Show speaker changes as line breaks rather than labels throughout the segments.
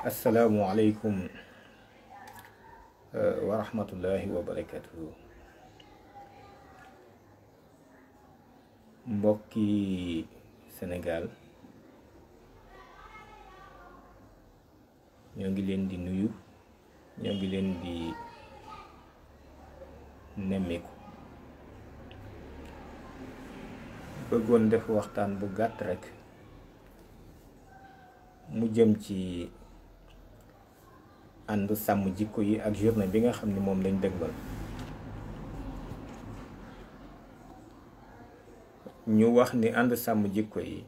Assalamualaikum, eh, warahmatullahi wabarakatuh. Mboki Senegal, mbokki ngi leen di nuyu Ñu ngi leen di nemmiku bëggoon def waxtaan bu gatt rek. mu jëm ci ànd sàmm jikko yi ak journée bi nga xam ne moom lañ dëgmal ñu wax ni ànd sàmm jikko yi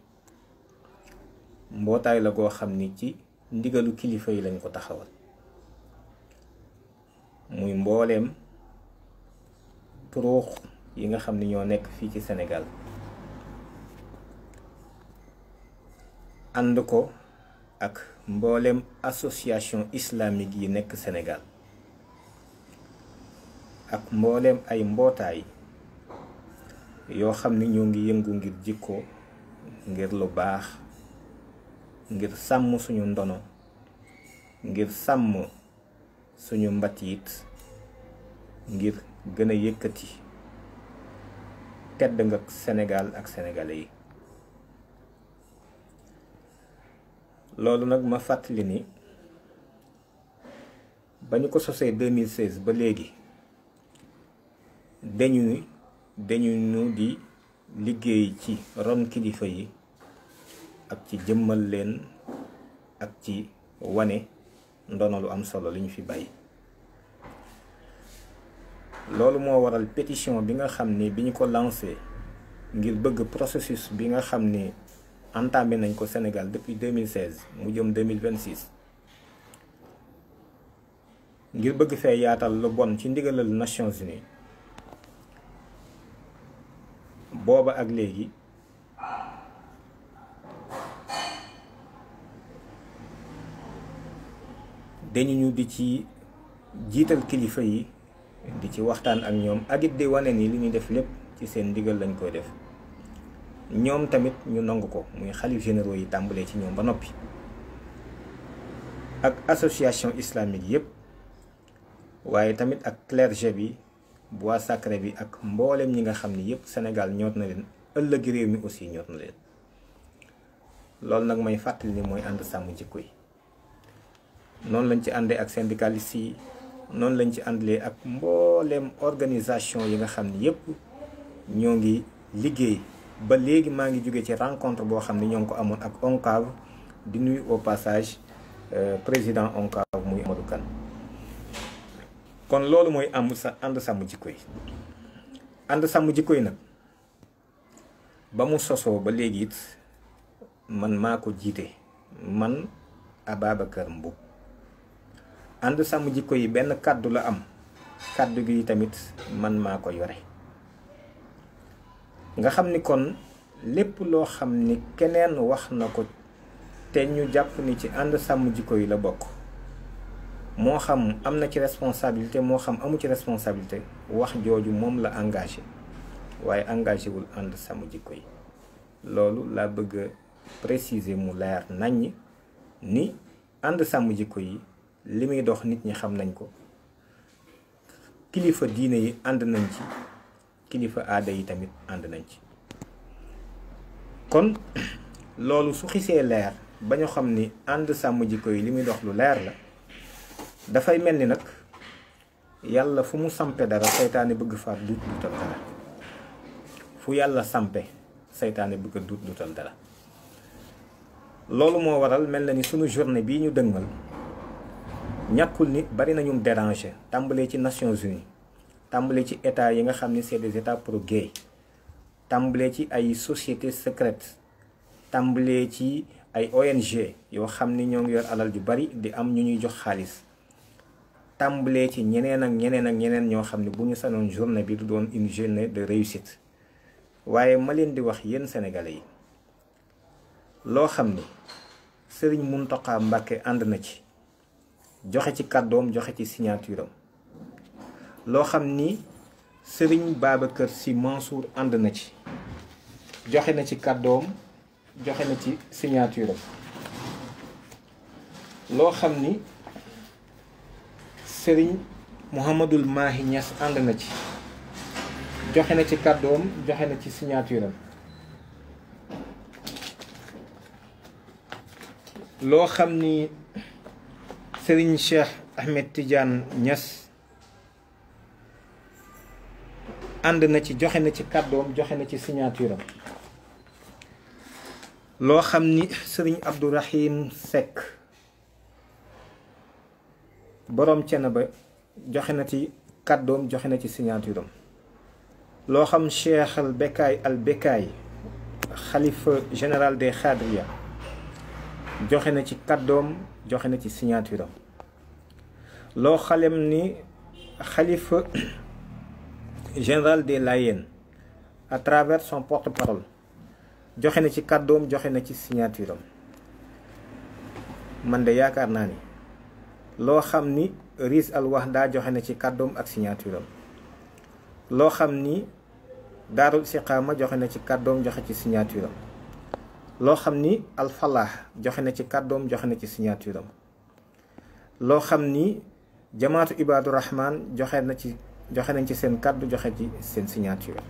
mbootaay la goo xam ni ci ndigalu kilifa yi lañ ko taxawal muy mbooleem turuux yi nga xam ni ñoo nekk fii ci Sénégal ànd ko ak mboolem association islamique yi nekk Sénégal ak mboolem ay mbootaay yoo xam ni ñoo ngi yëngu ngir jikko ngir lu baax ngir sàmm suñu ndono ngir sàmm suñu mbatiit ngir gën a yëkkati tedd nga Sénégal ak sénégalais yi loolu nak ma ni ko sosé 2016 ba légui dañu dañu nu di liggéey ci rom kilifa yi ak ci jëmmal leen ak ci wane am solo fi mo waral pétition bi nga xamné ko processus bi entamé nañ ko Sénégal depuis 2016 mu jëm 2026 ngir bëgg fee yaatal lu bon ci ndigalal Nations Unies booba ak léegi dañu ñu di ci jiital kilifa yi di ci waxtaan ak ñoom ak it di wane ni li ñuy def lépp ci seen ndigal lañ koy def ñoom tamit ñu nangu ko muy xalif généraux yi tàmbalee ci ñoom ba noppi ak association islamique yépp waaye tamit ak clergé bi bois sacré bi ak mboolem ñi nga xam ni yépp Sénégal ñoot na leen ëllëg réew mi aussi ñoot na leen loolu nag may fàttali ni mooy ànd sàmm jikko yi noonu lañ ci àndee ak syndicalistes yi noonu lañ ci àndalee ak mbooleem organisation yi nga xam ni yépp ñoo ngi liggéey ba léegi maa ngi jóge ci rencontre boo xam ne ñoo ngi ko amoon ak onkav di nuyu au passage euh, président onkav muy Amadou kan kon loolu mooy am sa ànd sàmm jikko yi ànd sàmm jikko ba mu sosoo ba léegi it man maa ko jiite man Ababacar Mboup ànd sàmm jikko yi benn kàddu la am kàddu gi tamit man maa ko yore nga xam ni kon lépp loo xam ni keneen wax na ko te ñu jàpp ni ci ànd sàmm jikko yi la bokk moo xam am na ci responsabilité moo xam amu ci responsabilité wax jooju moom la engagé waaye engagé wul ànd sàmm jikko yi loolu laa bëgg a mu leer naññ ni ànd sàmm jikko yi li muy dox nit ñi xam nañ ko kilifa diine yi ànd nañ ci kilifa aada yi tamit ànd nañ ci kon loolu su xisee leer ba ñu xam ni ànd sàmm jiko yi li muy dox lu leer la dafay mel ni nag yàlla fu mu sampe dara seytaane bëgg faat duut duutal dara fu yàlla sampe seytaane bëgg a duut duutal dara loolu moo waral mel na ni sunu journée bii ñu dëngal ñàkkul ni bari nañum déranger tàmbalee ci Nations Unies tàmbale ci état yi nga xam ne c'est des états pro-gays tàmbale ci ay sociétés secrètes tàmbale ci ay ONG yoo xam ni ñoo ngi yor alal ju bari di am ñu ñuy jox xaalis tàmbalee ci ñeneen ak ñeneen ak ñeneen ñoo xam ne bu ñu sanoon journée bi du doon une journée de réussite waaye ma leen di wax yéen sénégalais yi loo xam ni Serigne Mountakha Mbacké ànd na ci joxe ci kàddoom joxe ci signature am loo xam ni Serigne Babacar Sy Mansour ànd na ci joxe na ci kàddoom joxe na ci signature loo xam ni Serigne Mouhamadul Mahi Niass ànd na ci joxe na ci kàddoom joxe na ci signature am loo xam ni Serigne Cheikh Ahmed Tidiane Niass ànd na ci joxe na ci kàddoom joxe na ci signature am loo xam ni sëriñ Abdourahim Seck boroom cene ba joxe na ci kàddoom joxe na ci signature loo xam Cheikh al Bekkaay al Bekkaay xalifa général des Khadria joxe na ci kàddoom joxe na ci signature loo xalem ni xalifa général De Layènes à travers son porte-parole joxe na ci kàddoom joxe na ci signature am man de yaakaar naa ni loo xam ni al Wahda joxe na ci kàddoom ak signature am ni Daarul Istiqaama na ci kàddoom joxe ci signature am ni Al Falah joxe na ci kàddoom joxe na ci signature am loo xam jamaatu Rahman joxe na ci joxé nañ ci seen kàddu joxé ci seen signature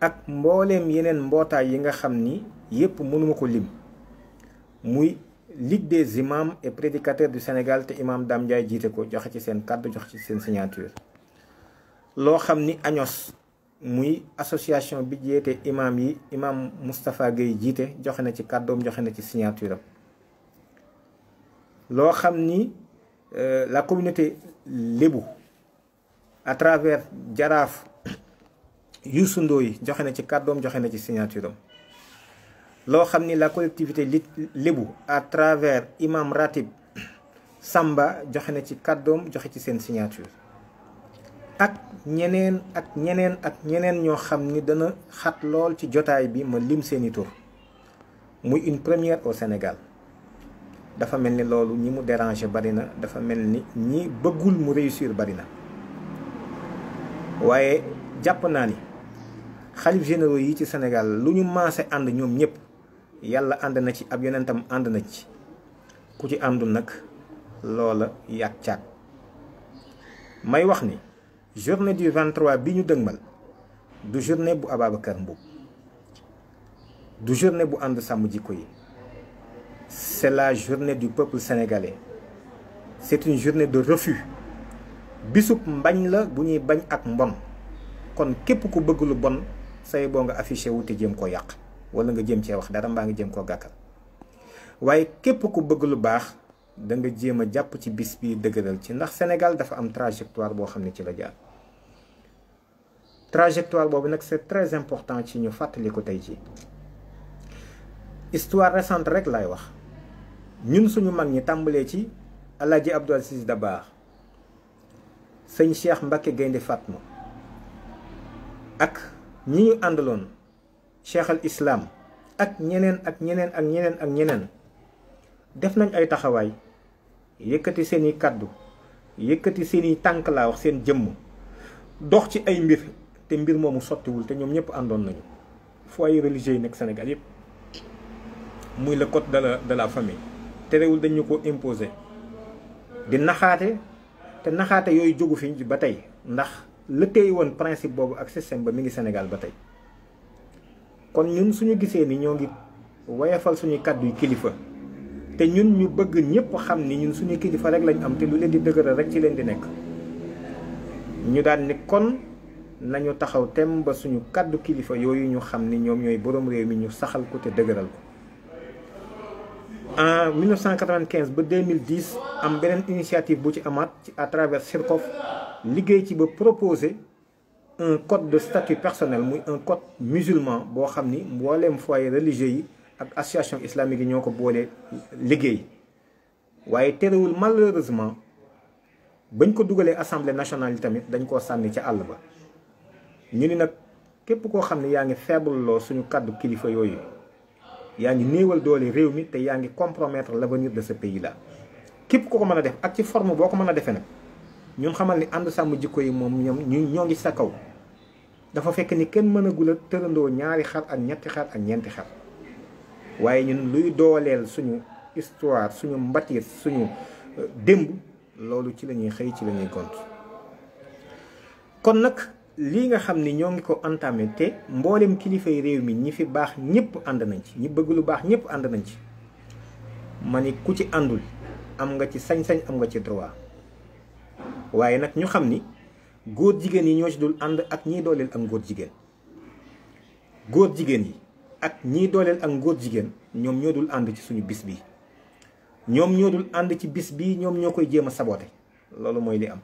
ak mbolém yeneen mbootaay yi nga xamni yépp mënuma ko lim muy Ligue des imams et prédicateurs du Sénégal té imam Dame Ndiaye ko joxé ci seen kàddu joxé ci seen signature lo xamni agnos association bi jiite imam yi imam Moustapha Gueye jité joxé na ci kàddoom joxé na ci signature lo xamni euh, la communauté lébou. à travers jaraaf Youssou Ndoye joxe na ci kàddoom joxe na ci signature loo xam ni la collectivité li lébu à travers imam Samba joxe na ci kàddoom joxe ci seen signature ak ñeneen ak ñeneen ak ñeneen ñoo xam ni dana xat lool ci jotaay bi ma lim seeni tur muy une première au Sénégal dafa mel ni loolu ñi mu déranger bari na dafa mel ni ñi bëggul mu réussir bari na waye japp naa ni xalif généraux yi ci Sénégal lu ñu maase ànd ñoom Yalla yàlla ànd na ci ab yonentam and na ci ku ci àndul nak loola yàgg caag may wax ni journée du 23 bi ñu dëgmal du journée bu ababakar mbou du journée bu and sàmm jikko yi c'est la journée du peuple sénégalais c'est une journée de refus bisub mbagn la bu ñuy bañ ak mbon kon kep ku bëgg lu bon say bo nga afficher wu jëm ko yaq wala nga jëm ci wax dara mbaa nga jëm ko gàkkal waye kep ku bëgg lu bax da nga jéem japp ci bis bi deugëral ci ndax Sénégal dafa am trajectoire bo xam ci la jaar trajectoire bobu nak c'est très important ci ñu fatali ko tay ci histoire récente rek lay wax ñun suñu mag ñi tambalé ci Alaaji Abdoul Aziz Dabar sëñ Cheikh Mbacke Gaynde Fatma ak ñi ñu andalon Cheikh al Islam ak ñeneen ak ñeneen ak ñeneen ak ñeneen def nañ ay taxaway yëkëti seeni kaddu yëkëti seeni tank la wax seen jëm dox ci ay mbir te mbir soti wul te ñom ñëpp andon nañu foyer religieux nek Sénégal yëpp muy le code de la de la famille terewul dañu ko imposer di naxaté te naxata yoy jógu fiñ ci batay ndax lëtteey won principe bobu ak système ba mi ngi Sénégal batay kon ñun suñu gisee ni ñoo ngi wayefal suñu kaddu kilifa te ñun ñu bëgg ñëpp xam ni ñun suñu kilifa rek lañ am te lu leen di dëgëral rek ci leen di nekk ñu daal ni kon nañu taxaw tem ba suñu kaddu kilifa yooyu ñu xam ni ñom ñoy borom réew mi ñu saxal ko te dëgëral ko en 1995 ba 2010 am benen initiative bu ci à travers CIRCOF qui a proposé un code de statut personnel un code musulman pour xamni religieux et ak association islamique ñoko ñoo liguey waye malheureusement bañ ko assemblée nationale tamit dañ ko sanni ci àll ba ñu ni nak képp ko xamni yaangi faible lo suñu cadre kilifa yaa ngi néewal doole réew mi te yaa ngi compromettre l'avenir de ce pays là képp ku ko mën a def ak ci forme boo ko mën a defee nag ñun xamal ni ànd sàmm jikko yi moom ñoom ñu ñoo ngi sa kaw dafa fekk ni kenn mën a tërandoo ñaari xar ak ñetti xar ak ñeenti xar waaye ñun luy dooleel suñu histoire suñu mbatiir suñu euh, démb loolu ci la ñuy xëy ci la ñuy gont kon nag lii nga xam ni ñoo ngi ko entamé te mboolem kilifay réew mi ñi fi baax ñëpp ànd nañ ci ñi bëgg lu baax ñëpp ànd nañ ci ma ni ku ci àndul am nga ci sañ-sañ am nga ci droit waaye nag ñu xam ni góor jigéen yi ñoo ci dul ànd ak ñii dooleel ak ngóor jigéen góor jigéen yi ak ñiy dooleel ak ngóor jigéen ñoom ñoo dul ànd ci suñu bis bi ñoom ñoo dul ànd ci bis bi ñoom ñoo koy jéem a saboote loolu mooy li am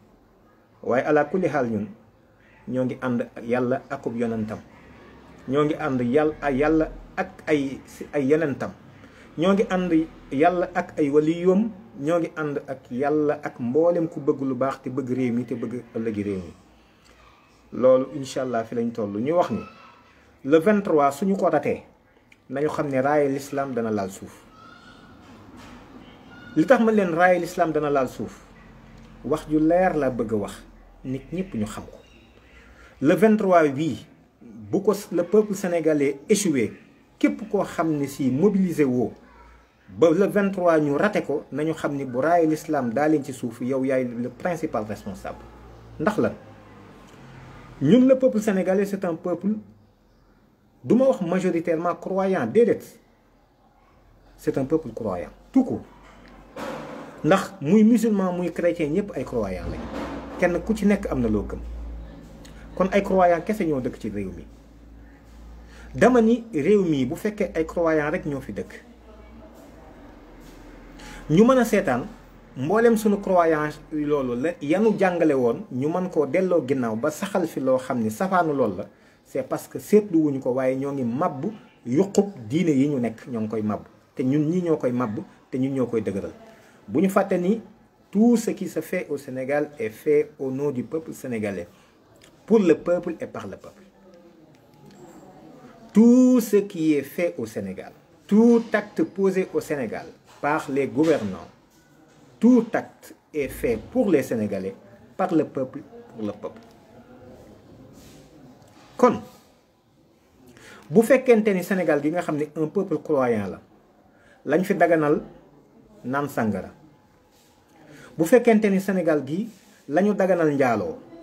waaye ala xaal ñun Nyongi and yalla ak ub akub yonentam ñongi and ànd yalla ak ay ay yonentam ñongi and yalla ak ay waliyum ñongi and ak yalla ak mbollem ku bëgg lu baax te bëgg réew mi te bëgg ëllëgi réew mi loolu inshallah allah fi lañ tollu ñu wax ni le 23 suñu ko daté nañu xamné raay l'islam dana laal suuf li tax ma leen raay l'islam dana laal suuf wax ju leer la bëgg wax nit ñepp ñu xam ko le 23 vie bu le peuple sénégalais échoué kep ko xamni si mobilisé wo ba le 23 ñu raté ko nañu xamni bu l'islam daa ci le principal responsable ndax la ñun le peuple sénégalais c'est un peuple duma wax majoritairement croyant c'est un peuple croyant tout court ndax muy musulman muy chrétien ñep ay croyant lañu kenn ku ci nek amna lo kon ay croyants kese ñoo dëkk ci réew mi dama ni réew mii bu fekkee ay croyants rek ñoo fi dëkk ñu mën a seetaan mboolem sunu croyance loolu la yanu jàngale woon ñu mën koo delloo ginnaaw ba saxal fi loo xam ni safaanu loolu la c'est parce que seetlu ko waaye ñoo ngi màbb yuqub diine yi ñu nekk ñoo ngi koy màbb te ñun ñii ñoo koy màbb te ñun ñoo koy dëgëral bu ñu fàtte ni tout ce qui se fait au Sénégal est fait au nom du peuple sénégalais pour le peuple et par le peuple. Tout ce qui est fait au Sénégal, tout acte posé au Sénégal par les gouvernants, tout acte est fait pour les Sénégalais, par le peuple, pour le peuple. kon bu faites ni Sénégal gi nga un peuple croyant la lañ fi daganal nan Vous bu qu'un ni Sénégal gi lañu daganal ndialo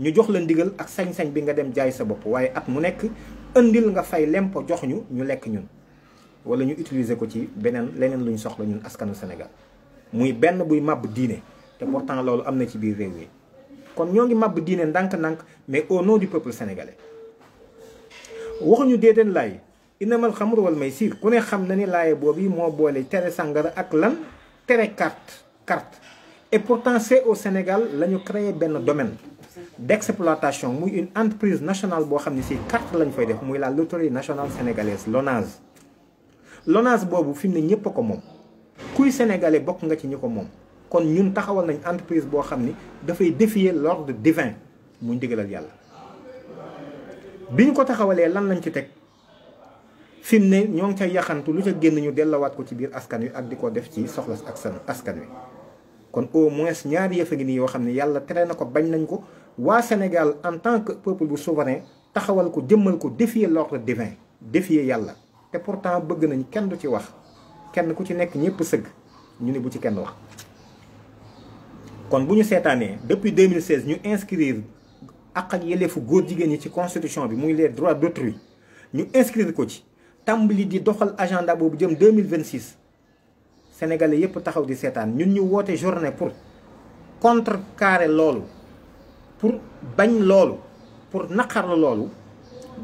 ñu jox la ndigal ak sañ-sañ bi nga dem jaay sa bopp waaye at mu nekk indil nga fay lempo jox ñu ñu lekk ñun wala ñu utiliser ko ci beneen leneen luñ soxla ñun askanu Sénégal muy benn buy màbb diine te pourtant loolu am na ci biir réew yi kon ñoo ngi màbb diine ndànk-ndànk mais au nom du peuple sénégalais waxuñu déedéet laay inamal xamru wal maysir ku ne xam na ni laaye boobu moo boole tere sàngara ak lan tere carte carte et pourtant c'est au Sénégal la ñu créé benn domaine d'exploitation muy une entreprise nationale boo xam ne carte lañ fay def muy la loterie nationale sénégalaise l'ONAS l'ONAS boobu fi mu ne ñëpp a ko kuy sénégalais bokk nga ci ñu ko kon ñun taxawal nañ entreprise bo xamni da fay défier l'ordre divin muy ndigalal yalla biñ ko taxawalé lan lañ ci teg fimné ñong ne ñoo ca yaxantu lu ca génn ñu dellowaat ko ci bir askan wi ak diko def ci soxlas ak askan wi kon au moins ñaari yeuf gi ni yo xamne yalla téré yàlla na ko bañ nañ ko wa Sénégal en tant que peuple bu souverain taxawal ko jëmmal ko défier l'ordre divin défier yalla té pourtant bëgg nañ kenn du ci wax kenn ku ci nekk ñepp sëgg ñu ni bu ci kenn wax kon buñu sétané depuis 2016 ñu inscrire ak ak yelefu góor jigéen ñi ci constitution bi muy les droits d'autrui ñu inscrire ko ci tambli di doxal agenda bobu jëm 2026 sénégalais yëpp taxaw di seetaan ñun ñu woote journée pour contrecarrer loolu pour bañ loolu pour naqarlu loolu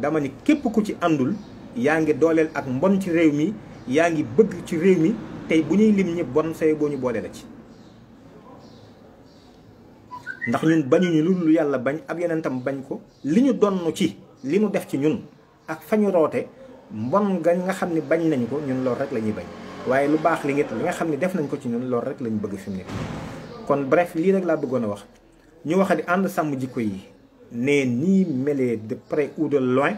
dama ni képp ku ci àndul yaa ngi dooleel ak mbon ci réew mi yaa ngi bëgg ci réew mi tey bu ñuy lim ñi bon say ñu boole la ci ndax ñun bañuñu lu lu yàlla bañ ab yonentam bañ ko li ñu donn ci li ñu def ci ñun ak fa ñu roote mbon nga nga xam ne bañ nañ ko ñun loolu rek lañuy bañ waaye lu baax li nga li nga xam ne def nañ ko ci ñun loolu rek lañu bëgg fi mu kon bref lii rek laa bëggoon a wax ñu wax di ànd sàmm jikko yi ne nii mêlé de près ou de loin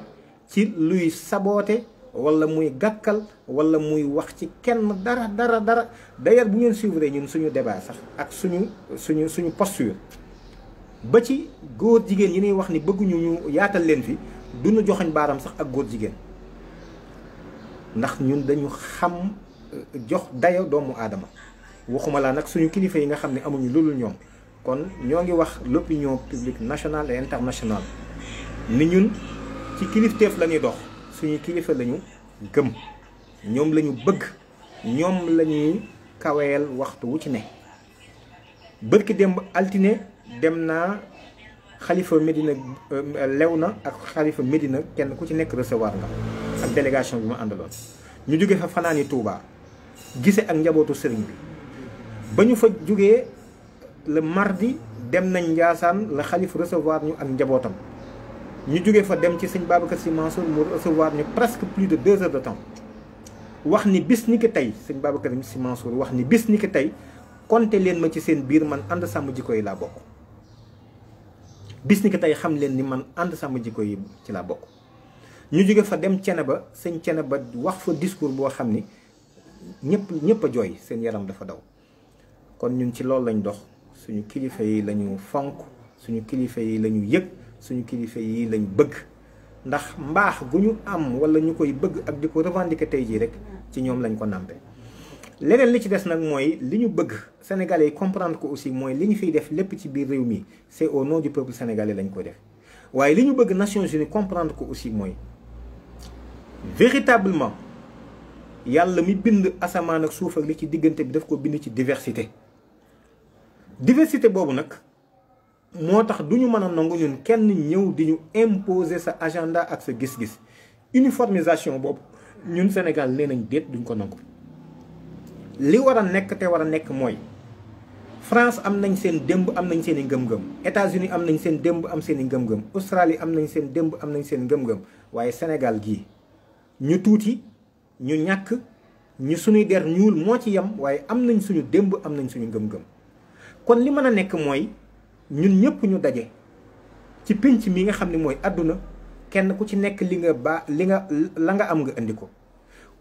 ci luy saboote walla muy gàkkal walla muy wax ci kenn dara dara dara d'ailleurs bu ngeen suivre ñun suñu débat sax ak suñu suñu suñu posture ba ci góor jigéen yi ñuy wax ni bëgguñu ñu yaatal leen fi duñu joxoñ baaram sax ak góor jigéen ndax ñun dañu xam jox dayo doomu aadama waxuma la nag suñu kilifa yi nga xam ne amuñu loolu ñoom kon ñoo ngi wax l'opinion publique nationale et internationale ni ñun ci kilifteef la ñuy dox suñu kilifa lañu gëm ñoom lañu bëgg ñoom la ñuy kaweel waxtu wu ci ne barki démb altine dem naa xalifa Medina euh, lew na ak xalifa Medina kenn ku ci nekk recevoir nga ak délégation bi ma àndaloon ñu jóge fa fanaani Touba. gisé ak njabootu serigne bi bañu fa jógee le mardi dem nañ ndiasane la khalife recevoir ñu ak njabotam ñu jógee fa dem ci serigne Babacar Sy Mansour mu recevoir ñu presque plus de 2 heures de temps wax ni bis ni ki tey sëñ Babacar Sy Mansour wax ni bis ni ki tey compté leen ma ci sen bir man and sam jikko yi laa bis ni ki xam len ni man and sam ci la bok ñu fa dem cene ba serigne cene ba wax fa discours bo xamni ñëpp joy seen yaram dafa daw kon ñun ci loolu lañ dox suñu kilifa yi lañu fonk suñu kilifa yi lañu yëg suñu yi bëgg ndax am wala bëgg ak revendiquer rek ci lañ ko sénégalais aussi mooy li ñu fiy def lépp mi au nom du peuple sénégalais lañ ko def bëgg Nations Unies comprendre aussi véritablement yàlla mi bind asamaan ak suuf ak li ci diggante bi daf ko bind ci diversité diversité boobu nag moo tax du ñu mën a nangu ñun kenn ñëw di ñu imposer sa agenda ak sa gis-gis uniformisation boobu ñun Sénégal nee nañ déet duñ ko nangu li war a nekk te war a nekk mooy France am nañ seen démb am nañ seen i ngëm-ngëm états am nañ seen démb am seen i ngëm-ngëm Australie am nañ seen démb am nañ seen ngëm-ngëm waaye Sénégal gii ñu tuuti. ñu ñàkk ñu suñuy der ñuul moo ci yem waaye am nañ suñu démb am nañ suñu gëm-gëm kon li mën a nekk mooy ñun ñëpp ñu daje ci pinc mi nga xam ni mooy àdduna kenn ku ci nekk li nga ba li nga la nga am nga indi ko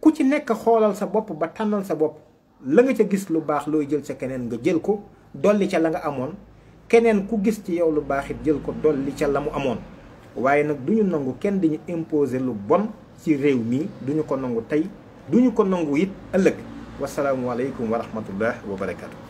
ku ci nekk xoolal sa bopp ba tànnal sa bopp la nga ca gis lu baax looy jël ca keneen nga jël ko dolli ca la nga amoon keneen ku gis ci yow lu baax jël ko dolli ca la mu amoon waaye nag du ñu nangu kenn di ñu lu bon ci réew mi duñu ko nangu tey duñu ko nangu it ëllëg wasalaamualeykum wa rahmatullah wa barakaatu.